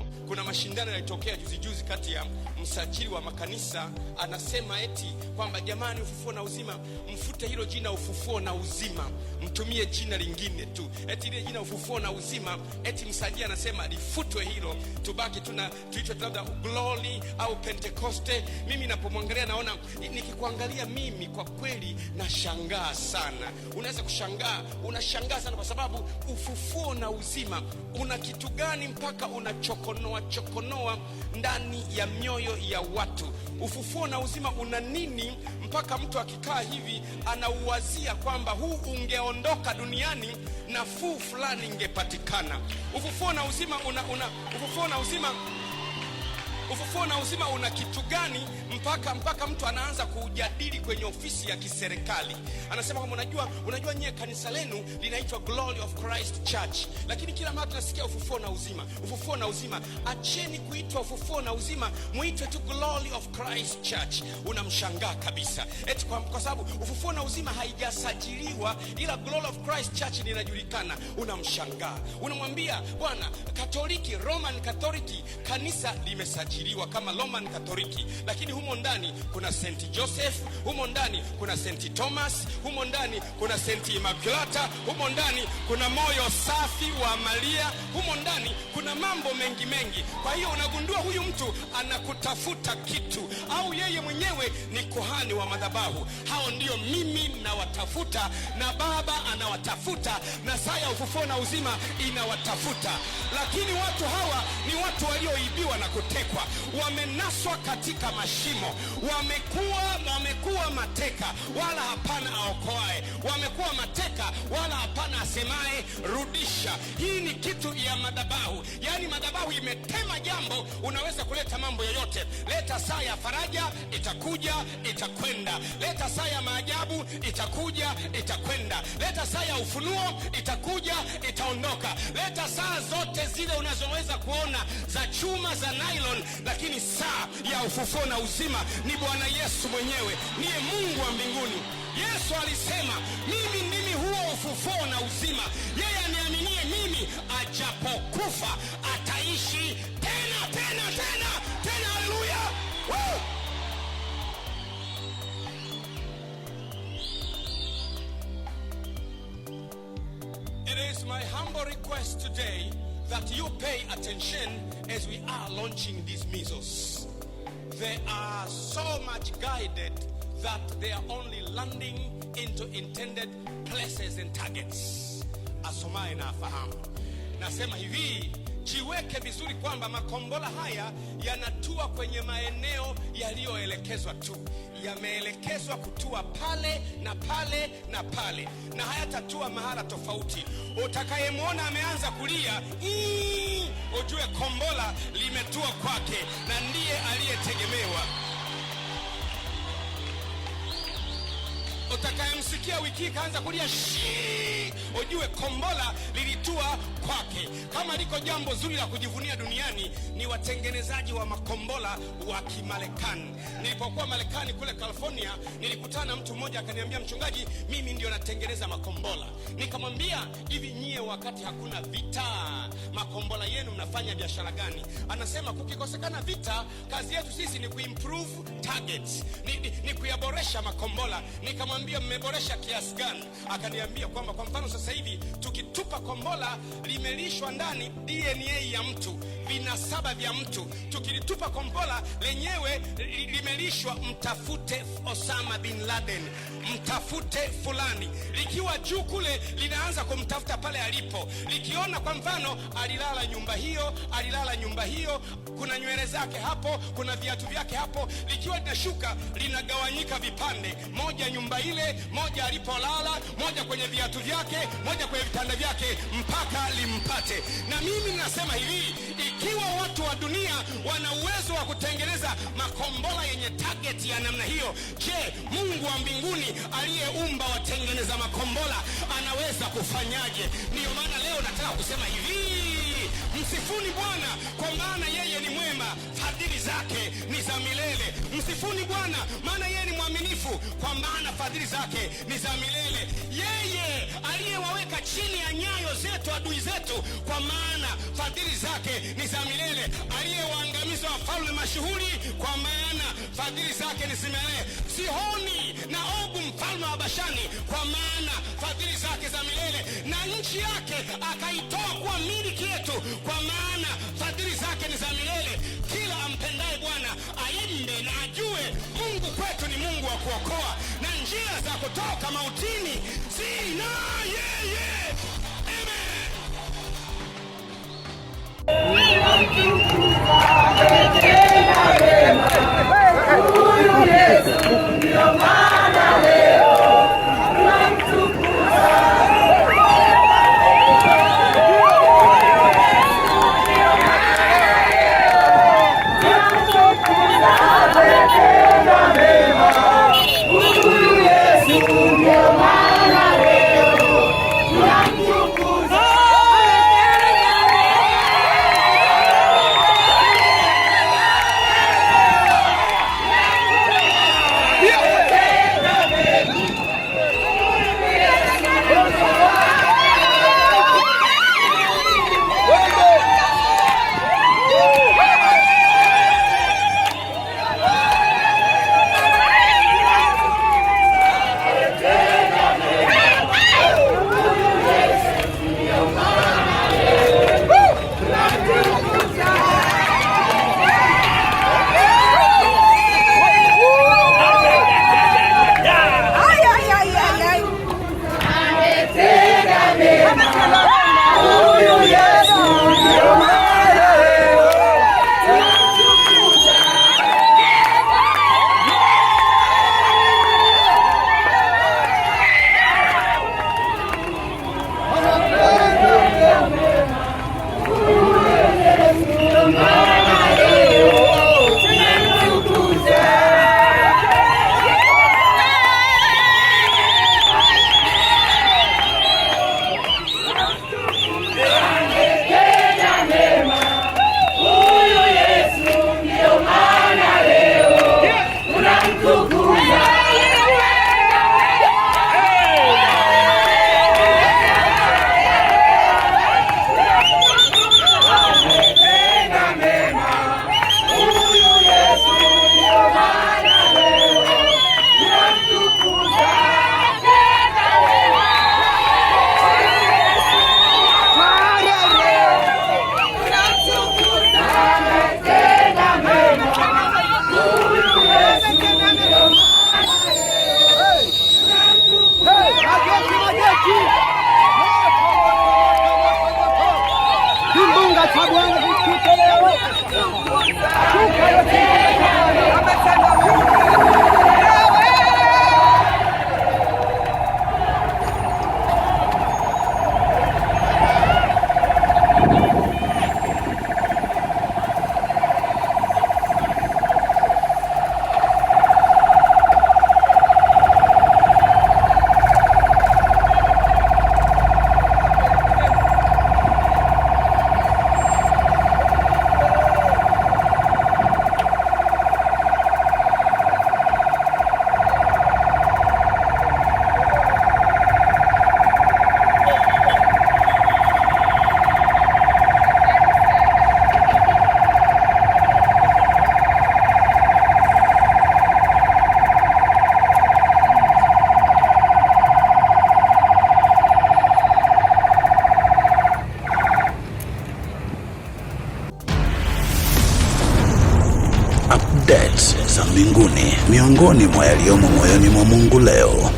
mfano, kuna mashindano yalitokea juzi juzi kati ya msajili wa makanisa, anasema eti kwamba jamani, ufufuo na uzima, mfute hilo jina ufufuo na uzima, mtumie jina lingine tu, eti ile jina ufufuo na uzima, eti msajili anasema lifutwe hilo, tubaki tuna tuitwe labda glory au Pentekoste. Mimi napomwangalia naona, nikikuangalia mimi kwa kweli nashangaa sana. Unaweza kushangaa, unashangaa sana kwa sababu ufufuo na uzima una kitu gani mpaka unachoko kuchokonoa chokonoa ndani ya mioyo ya watu. Ufufuo na uzima una nini mpaka mtu akikaa hivi anauwazia kwamba huu ungeondoka duniani nafuu fulani ingepatikana? Ufufuo na uzima una, una, ufufuo na uzima ufufuo na uzima una kitu gani mpaka mpaka mtu anaanza kuujadili kwenye ofisi ya kiserikali? Anasema kwamba unajua, unajua nyie kanisa lenu linaitwa Glory of Christ Church, lakini kila mara tunasikia ufufuo na uzima, ufufuo na uzima. Acheni kuitwa ufufuo na uzima, muitwe tu Glory of Christ Church. Unamshangaa kabisa eti kwa, kwa sababu ufufuo na uzima haijasajiliwa, ila Glory of Christ Church linajulikana. Unamshangaa, unamwambia bwana Katoliki, Roman Katoliki, kanisa limesajiliwa kuashiriwa kama Roman Katoliki, lakini humo ndani kuna St Joseph, humo ndani kuna St Thomas, humo ndani kuna St Immaculata, humo ndani kuna moyo safi wa Maria, humo ndani kuna mambo mengi mengi. Kwa hiyo unagundua huyu mtu anakutafuta kitu, au yeye mwenyewe ni kuhani wa madhabahu. Hao ndio mimi nawatafuta, na Baba anawatafuta, na saa ya ufufuo na uzima inawatafuta, lakini watu hawa ni watu walioibiwa na kutekwa wamenaswa katika mashimo, wamekuwa wamekuwa mateka wala hapana aokoae, wamekuwa mateka wala hapana asemaye rudisha. Hii ni kitu ya madhabahu, yaani madhabahu imetema jambo, unaweza kuleta mambo yoyote. Leta saa ya faraja, itakuja itakwenda. Leta saa ya maajabu, itakuja itakwenda. Leta saa ya ufunuo, itakuja itaondoka. Leta saa zote zile unazoweza kuona za chuma, za nylon lakini saa ya ufufuo na uzima ni Bwana Yesu mwenyewe, niye Mungu wa mbinguni. Yesu alisema, mimi ndimi huo ufufuo na uzima, yeye aniaminie mimi, ajapokufa ataishi tena tena tena tena. Haleluya! It is my humble request today that you pay attention as we are launching these measles. They are so much guided that they are only landing into intended places and targets. Asomaye faham afahamu. Nasema hivi Jiweke vizuri kwamba makombola haya yanatua kwenye maeneo yaliyoelekezwa tu, yameelekezwa kutua pale na pale na pale, na hayatatua mahala tofauti. Utakayemwona ameanza kulia ujue kombola limetua kwake na ndiye aliyetegemewa. Utakayemsikia wikii kaanza kulia shii ujue kombola lilitua kama liko jambo zuri la kujivunia duniani ni watengenezaji wa makombola wa Kimarekani. Nilipokuwa Marekani kule California, nilikutana na mtu mmoja akaniambia, mchungaji, mimi ndio natengeneza makombola. Nikamwambia, hivi nyie, wakati hakuna vita, makombola yenu mnafanya biashara gani? Anasema, kukikosekana vita, kazi yetu sisi ni kuimprove target ni, ni, ni kuyaboresha makombola. Nikamwambia, mmeboresha kiasi gani? Akaniambia kwamba kwa mfano sasa hivi tukitupa kombola limelishwa ndani ndani DNA ya mtu, vinasaba vya mtu. Tukilitupa kombola lenyewe limelishwa, mtafute Osama bin Laden, mtafute fulani. Likiwa juu kule, linaanza kumtafuta pale alipo, likiona kwa mfano alilala nyumba hiyo, alilala nyumba hiyo, kuna nywele zake hapo, kuna viatu vyake hapo. Likiwa linashuka, linagawanyika vipande, moja nyumba ile, moja alipolala, moja kwenye viatu vyake, moja kwenye vitanda vyake, mpaka limpate. Na mimi ninasema hivi, ikiwa watu wa dunia wana uwezo wa kutengeneza makombora yenye target ya namna hiyo, je, Mungu wa mbinguni aliyeumba watengeneza makombora anaweza kufanyaje? Ndiyo maana leo nataka kusema hivi, msifuni Bwana kwa maana yeye ni mwema, fadhili zake ni za milele. Msifuni Bwana maana yeye ni mwaminifu, kwa maana fadhili zake ni za milele. zetu adui zetu, kwa maana fadhili zake ni za milele. Aliyewaangamiza wafalme mashuhuri, kwa maana fadhili zake ni za Sihoni na Ogu mfalme wa Bashani, kwa maana fadhili zake za milele, na nchi yake akaitoa kuwa miliki yetu, kwa maana fadhili zake ni za milele. Kila ampendaye Bwana aimbe na ajue, Mungu kwetu ni Mungu wa kuokoa, na njia za kutoka mautini zina yeye. Thank you. za mbinguni miongoni mwa yaliyomo moyoni mwa Mungu leo.